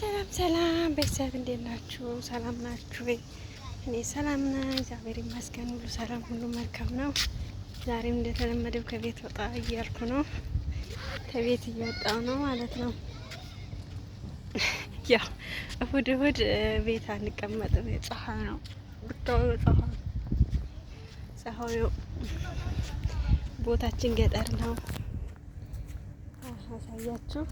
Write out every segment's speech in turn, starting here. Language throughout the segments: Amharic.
ሰላም ሰላም ቤተሰብ እንዴት ናችሁ? ሰላም ናችሁ? እኔ ሰላም ና እግዚአብሔር ይመስገን፣ ሁሉ ሰላም፣ ሁሉ መልካም ነው። ዛሬም እንደተለመደው ከቤት ወጣ እያልኩ ነው። ከቤት እየወጣው ነው ማለት ነው። ያው እሁድ እሁድ ቤት አንቀመጥም። ፀሐይ ነው ብታዩ፣ ፀሐይ ፀሐዩ። ቦታችን ገጠር ነው አሳያችሁ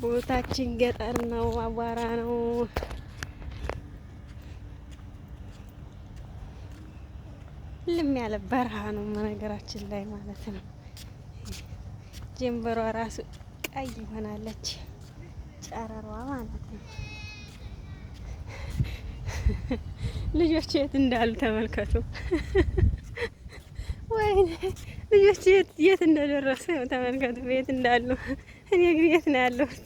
ቦታችን ገጠር ነው፣ አቧራ ነው። ልም ያለ በረሃ ነው ነገራችን ላይ ማለት ነው። ጀንበሯ ራሱ ቀይ ሆናለች፣ ጨረሯ ማለት ነው። ልጆች የት እንዳሉ ተመልከቱ። ወይኔ ልጆች የት እንደደረሱ ተመልከቱ፣ የት እንዳሉ እኔ ግን የት ነው ያለሁት?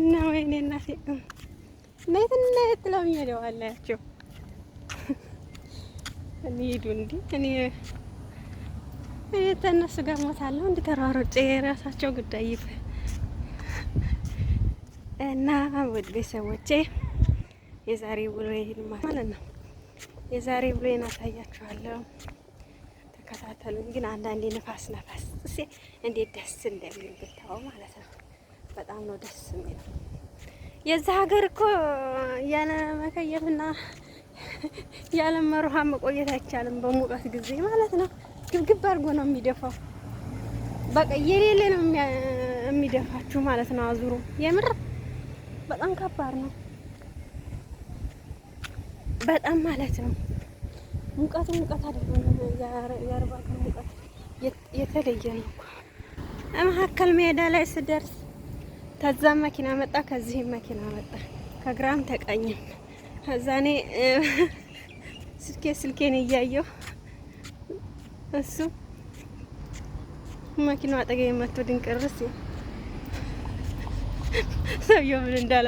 እና ወይኔ እናቴ እና የት ለምሄደው አላያቸው እንሂዱ እንዲህ እኔ ተነሱ ጋር ሞታለሁ። እንዲህ ተሯሩጬ የራሳቸው ጉዳይ ይፈ እና ውድ ቤተሰቦቼ የዛሬ ብሎ ይሄን ማለት ነው። የዛሬ ብሎ አሳያችኋለሁ። ተከታተሉኝ። ግን አንዳንዴ ንፋስ ነፋስ ልብሴ እንዴት ደስ እንደሚል ብታው ማለት ነው። በጣም ነው ደስ የሚለው። የዛ ሀገር እኮ ያለ መከየፍና ያለ መሩሃ መቆየት አይቻልም። በሙቀት ጊዜ ማለት ነው። ግብግብ አድርጎ ነው የሚደፋው። በቃ የሌለ ነው የሚደፋችሁ ማለት ነው። አዙሩ የምር በጣም ከባድ ነው። በጣም ማለት ነው። ሙቀቱ ሙቀት አይደለም። የአርባ ቀን ሙቀት የተለየ ነው እኮ መሀከል ሜዳ ላይ ስደርስ ከዛም መኪና መጣ፣ ከዚህም መኪና መጣ፣ ከግራም ተቀኝም። ከዛ እኔ ስልኬ ስልኬን እያየሁ እሱ መኪናው አጠገብ መቶ ድንቅርስ ሰውየው ምን እንዳለ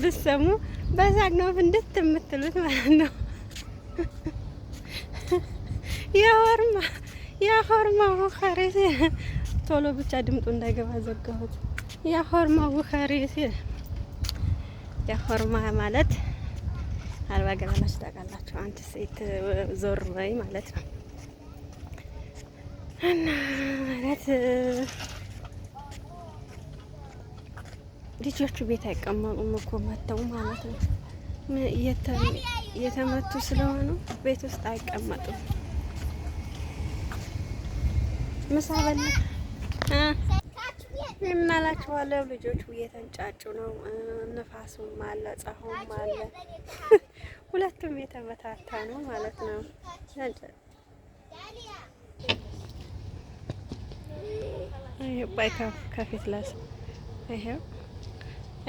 ብትሰሙ በሳቅ ነው እንድት የምትሉት ማለት ነው የወርማ የሆርማ ቡኻሪ ሲል ቶሎ ብቻ ድምጡ እንዳይገባ ዘጋሁት። ያ ሆርማ ቡኻሪ ሲል ሆርማ ማለት አልባ ገበናችሁ ታውቃላችሁ። አንድ ሴት ዞር በይ ማለት ነው እና ማለት ልጆቹ ቤት አይቀመጡም እኮ መተው ማለት ነው። የተመቱ ስለሆኑ ቤት ውስጥ አይቀመጡም። ምሳ በላ እምላላችኋለሁ። ልጆቹ እየተንጫጩ ነው። ንፋሱም አለ፣ ፀሐዩም አለ። ሁለቱም የተመታታ ነው ማለት ነው። ባይ ከፊት ላስ ይሄው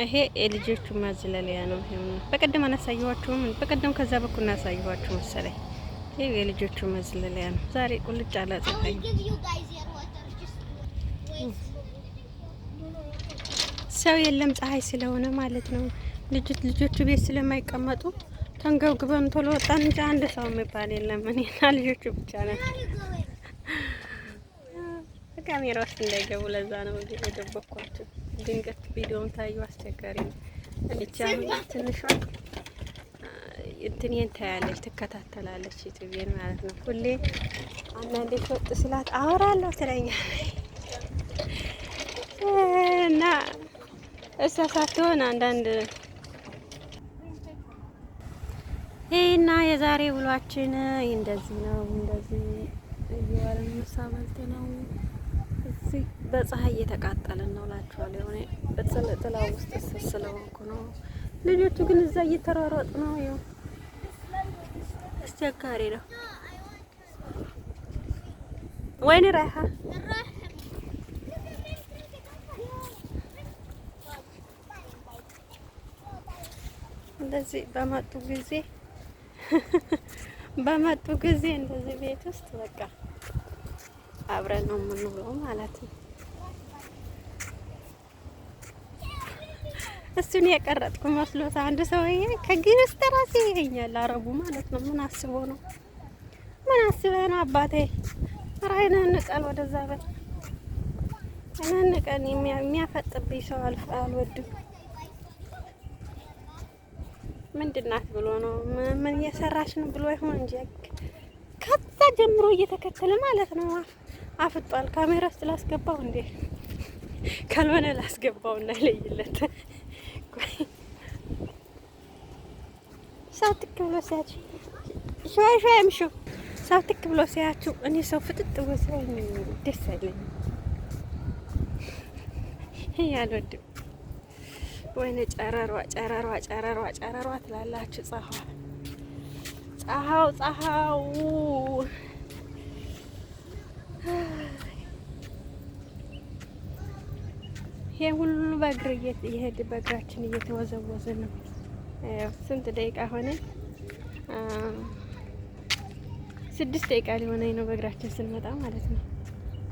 ይሄ የልጆቹ ማዝለለያ ነው። በቅድም አላሳየኋችሁም? በቅድም ከዛ በኩል እናሳየኋችሁ መሰለኝ። ይህ የልጆቹ መዝለለያ ነው። ዛሬ ቁልጭ አላጸዳኝ። ሰው የለም ፀሐይ ስለሆነ ማለት ነው። ልጆቹ ቤት ስለማይቀመጡ ተንገብግበም ቶሎ ወጣን እንጂ አንድ ሰው የሚባል የለም። እኔና ልጆቹ ብቻ ነን። ካሜራ ውስጥ እንዳይገቡ ለዛ ነው የደበኳቸው። ድንገት ቪዲዮም ታዩ አስቸጋሪ ነው። እቻ ትንሿ እንትኔን ታያለች፣ ትከታተላለች ዩቲዩብን ማለት ነው። ሁሌ አንዳንዴ ወጥ ስላት አወራለሁ ትለኛለች እና እሷ ሳትሆን አንዳንድ ይህና የዛሬ ውሏችን እንደዚህ ነው። እንደዚህ እየዋለን ምሳ በልት ነው። እዚህ በፀሐይ እየተቃጠልን ነው ላችኋል። የሆነ ጥላ ውስጥ ስስለሆንኩ ነው። ልጆቹ ግን እዛ እየተሯሯጡ ነው። አስቸጋሪ ነው። ወይኔ ራይሃ እንደዚህ በመጡ ጊዜ በመጡ ጊዜ እንደዚህ ቤት ውስጥ በቃ አብረን ነው የምንውለው ማለት ነው። እሱን የቀረጥኩ መስሎት አንድ ሰውዬ ከግብፅ ተራሴ ይሄኛል አረቡ ማለት ነው። ምን አስቦ ነው? ምን አስበ ነው አባቴ? ራይነ ንቀን ወደዛ በል እነ ንቀን የሚያፈጥብኝ ሰው አልፍ አልወድም። ምንድናት ብሎ ነው? ምን እየሰራች ነው ብሎ ይሆን እንጂ ከዛ ጀምሮ እየተከተለ ማለት ነው። አፍጧል። ካሜራ ውስጥ ላስገባው እንዴ? ካልሆነ ላስገባው ላስገባውና ይለይለት። ሰው ትክ ብሎ ሲያችሁ ሸዋ ሸዋ ሰው ትክ ብሎ ሲያችሁ፣ እኔ ሰው ፍጥጥ ብሎ ደስ አይለኝም። አልወድም። ወይኔ ጨረሯ ጨረሯ ጨረሯ ጨረሯ ትላላችሁ። ይሄ ሁሉ በእግር እየሄድ በእግራችን እየተወዘወዘ ነው። ስንት ደቂቃ ሆነ? ስድስት ደቂቃ ሊሆነኝ ነው በእግራችን ስንመጣ ማለት ነው።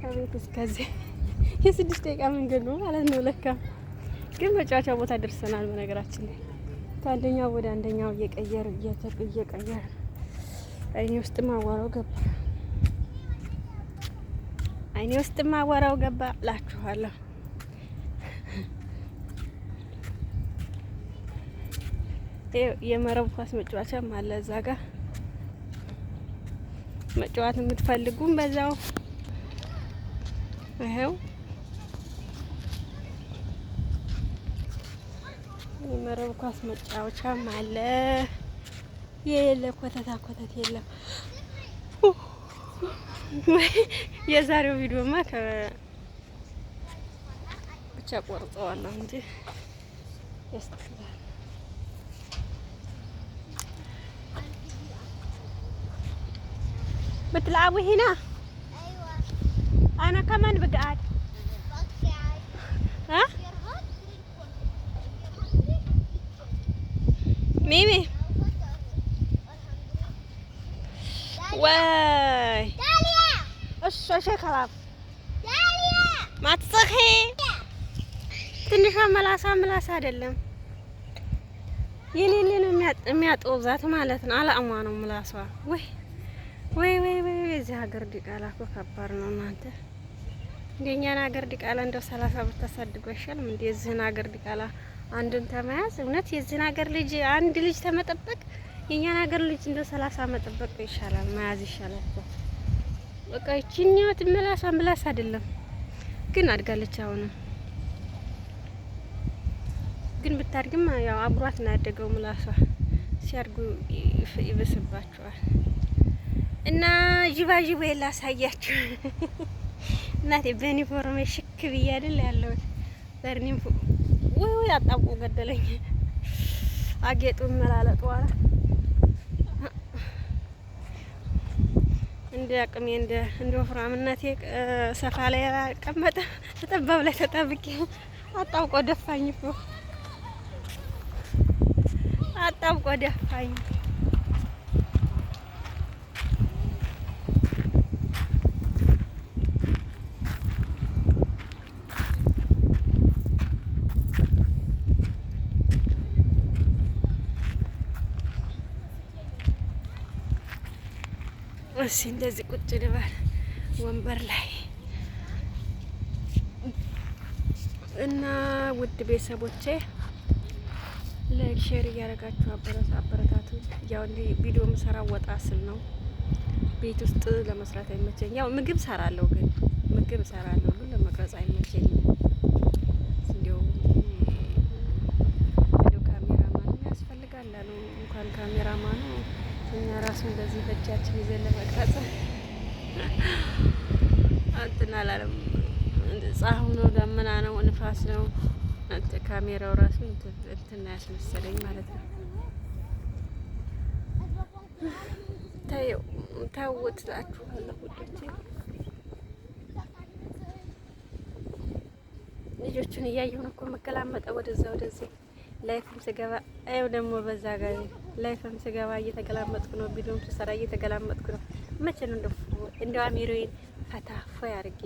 ከቤት እስከዚህ የስድስት ደቂቃ መንገድ ነው ማለት ነው። ለካ ግን መጫወቻ ቦታ ደርሰናል። በነገራችን ላይ ከአንደኛው ወደ አንደኛው እየቀየር እየቀየር አይኔ ውስጥ ማዋራው ገባ፣ አይኔ ውስጥ ማዋራው ገባ የመረብ ኳስ መጫወቻም አለ እዛ ጋር መጫወት የምትፈልጉም በዛው ይኸው የመረብ ኳስ መጫወቻም አለ። የሌለ ኮተታ ኮተት የለም። የዛሬው ቪዲዮማ ብቻ ቆርጠዋለሁ እንጂ بتلعبوا هنا ايوه انا كمان بقعد ها ميمي واي داليا ايش شي خلاص داليا ما تصحي تصخي ትንሿ መላሳ መላሳ አይደለም የሌለ ነው የሚያጥበው ብዛት ማለት ነው። አላእሟ ነው ምላሷ ወይ ወይ ወይ ወይ የዚህ ሀገር ዲቃላ እኮ ከባድ ነው እናንተ። እንደኛን ሀገር ዲቃላ እንደው ሰላሳ ብታሳድጉ አይሻልም? እንደ የዚህን ሀገር ዲቃላ አንድን ተመያዝ እውነት የዚህን ሀገር ልጅ አንድ ልጅ ተመጠበቅ የእኛን ሀገር ልጅ እንደ ሰላሳ መጠበቅ ይሻላል፣ መያዝ ይሻላል እኮ በቃ ይችኛው ምላሷ ምላስ አይደለም ግን አድጋለች። አሁንም ግን ብታድግም ያው አብሯት ነው ያደገው ምላሷ ሲያድጉ ይብስባቸዋል። እና ዥባዥቦ ላሳያችሁ። እናቴ በዩኒፎርሜ ሽክ ብዬ አይደል ያለሁት። በርኒም ወይ አጣብቆ ገደለኝ። አጌጡ መላለጡ ዋላ እንደ አቅሜ እንደ እንደ ወፍራምነቴ ሰፋ ላይ ቀመጠ ተጠባብ ላይ ተጠብቄ አጣብቆ ደፋኝ እኮ አጣብቆ ደፋኝ። እሺ፣ እንደዚህ ቁጭ ልበል ወንበር ላይ እና ውድ ቤተሰቦቼ ላይክ ሼር እያደረጋችሁ አበረታ አበረታቱ። ያው ቪዲዮ ምሰራ ወጣ ስል ነው ቤት ውስጥ ለመስራት አይመቸኝ። ያው ምግብ ሰራለሁ ግን ምግብ ሰራለሁ ግን ለመቅረጽ አይመቸኝም። ራሱ እንደዚህ በእጃችን ይዘን ለመቅረጽ እንትን አላለም። ፀሐይ ነው፣ ደመና ነው፣ ንፋስ ነው። ካሜራው ራሱ እንትን ያስመሰለኝ ማለት ነው። ታየው ታወት ላችኋለሁ ውዶቼ። ልጆቹን እያየሁ ነው እኮ መቀላመጠ ወደዛ ወደዚህ ላይፍም ስገባ አየው ደግሞ በዛ ጋር ላይፍም ስገባ እየተገላመጥኩ ነው። ቪዲዮም ስሰራ እየተገላመጥኩ ነው። መቼ ነው እንደው አሚሮዬን ፈታ ፎይ አድርጌ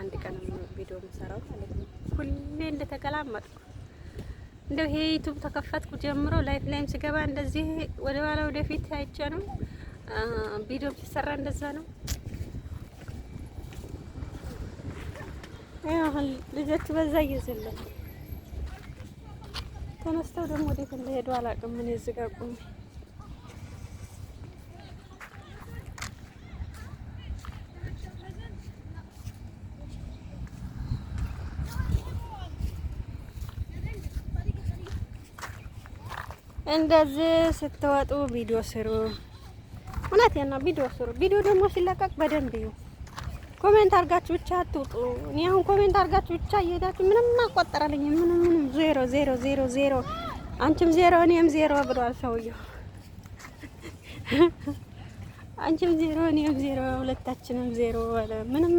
አንድ ቀን ቪዲዮ የምሰራው ማለት ነው። ሁሌ እንደተገላመጥኩ እንደው ይሄ ዩቱብ ተከፈትኩ ጀምሮ ላይፍ ላይም ስገባ እንደዚህ ወደ ኋላ ወደፊት አይቼ ነው። ቪዲዮም ሲሰራ እንደዛ ነው። አሁን ልጆቹ በዛ እየዘለሉ ተነስተው ደግሞ ወዴት እንደሄዱ አላውቅም። ምን እዚህ ጋር ቆሜ እንደዚህ ስትወጡ ቪዲዮ ስሩ። እውነቴን ነው፣ ቪዲዮ ስሩ። ቪዲዮ ደግሞ ሲለቀቅ በደንብ እዩ። ኮሜንት አርጋችሁ ብቻ አትውጡ። እኔ አሁን ኮሜንት አርጋችሁ ብቻ እየሄዳችሁ ምንም አቆጠራልኝ። ምንም ምንም ዜሮ ዜሮ ዜሮ ዜሮ፣ አንቺም ዜሮ እኔም ዜሮ ብሏል ሰውየው። አንቺም ዜሮ እኔም ዜሮ፣ ሁለታችንም ዜሮ አለ። ምንም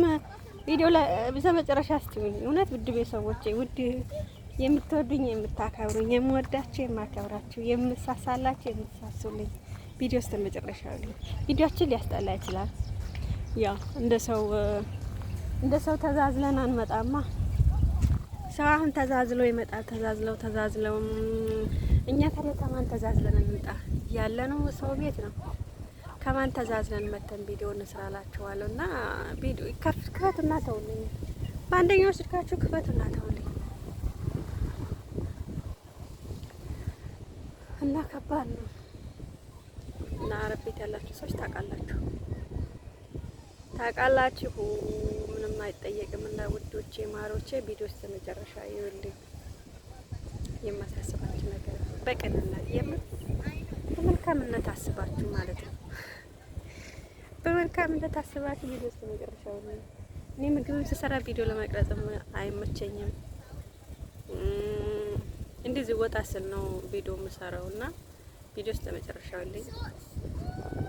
ቪዲዮ ላይ በመጨረሻ አስቲውኝ። እውነት ውድ ቤተሰቦቼ ውድ የምትወዱኝ የምታከብሩኝ የምወዳችሁ የማከብራችሁ የምሳሳላችሁ የምትሳሱልኝ ቪዲዮ እስከ መጨረሻው ቪዲዮችን ሊያስጠላ ይችላል። ያው እንደ ሰው እንደ ሰው ተዛዝለን አንመጣማ። ሰው አሁን ተዛዝሎ ይመጣል። ተዛዝለው ተዛዝለው እኛ ታዲያ ከማን ተዛዝለን እንምጣ? ያለነው ሰው ቤት ነው። ከማን ተዛዝለን መተን ቪዲዮ እንስራላችኋለሁ። እላችኋለሁ። እና ቪዲዮ ክፈቱና ተውልኝ። በአንደኛው ስልካችሁ ክፈቱና ተውልኝ። እና ከባድ ነው። እና አረብ ቤት ያላችሁ ሰዎች ታውቃላችሁ ታውቃላችሁ ምንም አይጠየቅም። እና ውዶቼ ማሮቼ ቪዲዮ እስከ መጨረሻ ይኸውልኝ የማሳስባችሁ ነገር በቅንነት የምር በመልካምነት አስባችሁ ማለት ነው። በመልካምነት አስባችሁ ቪዲዮ እስከ መጨረሻው እኔ ምግብም ስሰራ ቪዲዮ ለመቅረጽም አይመቸኝም። እንደዚህ ወጣ ስል ነው ቪዲዮ የምሰራው እና ቪዲዮ እስከ መጨረሻው ይኸውልኝ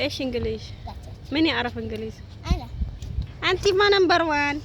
ايش انجليش مني اعرف انجليزي انا انت ما نمبر 1